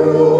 Lord.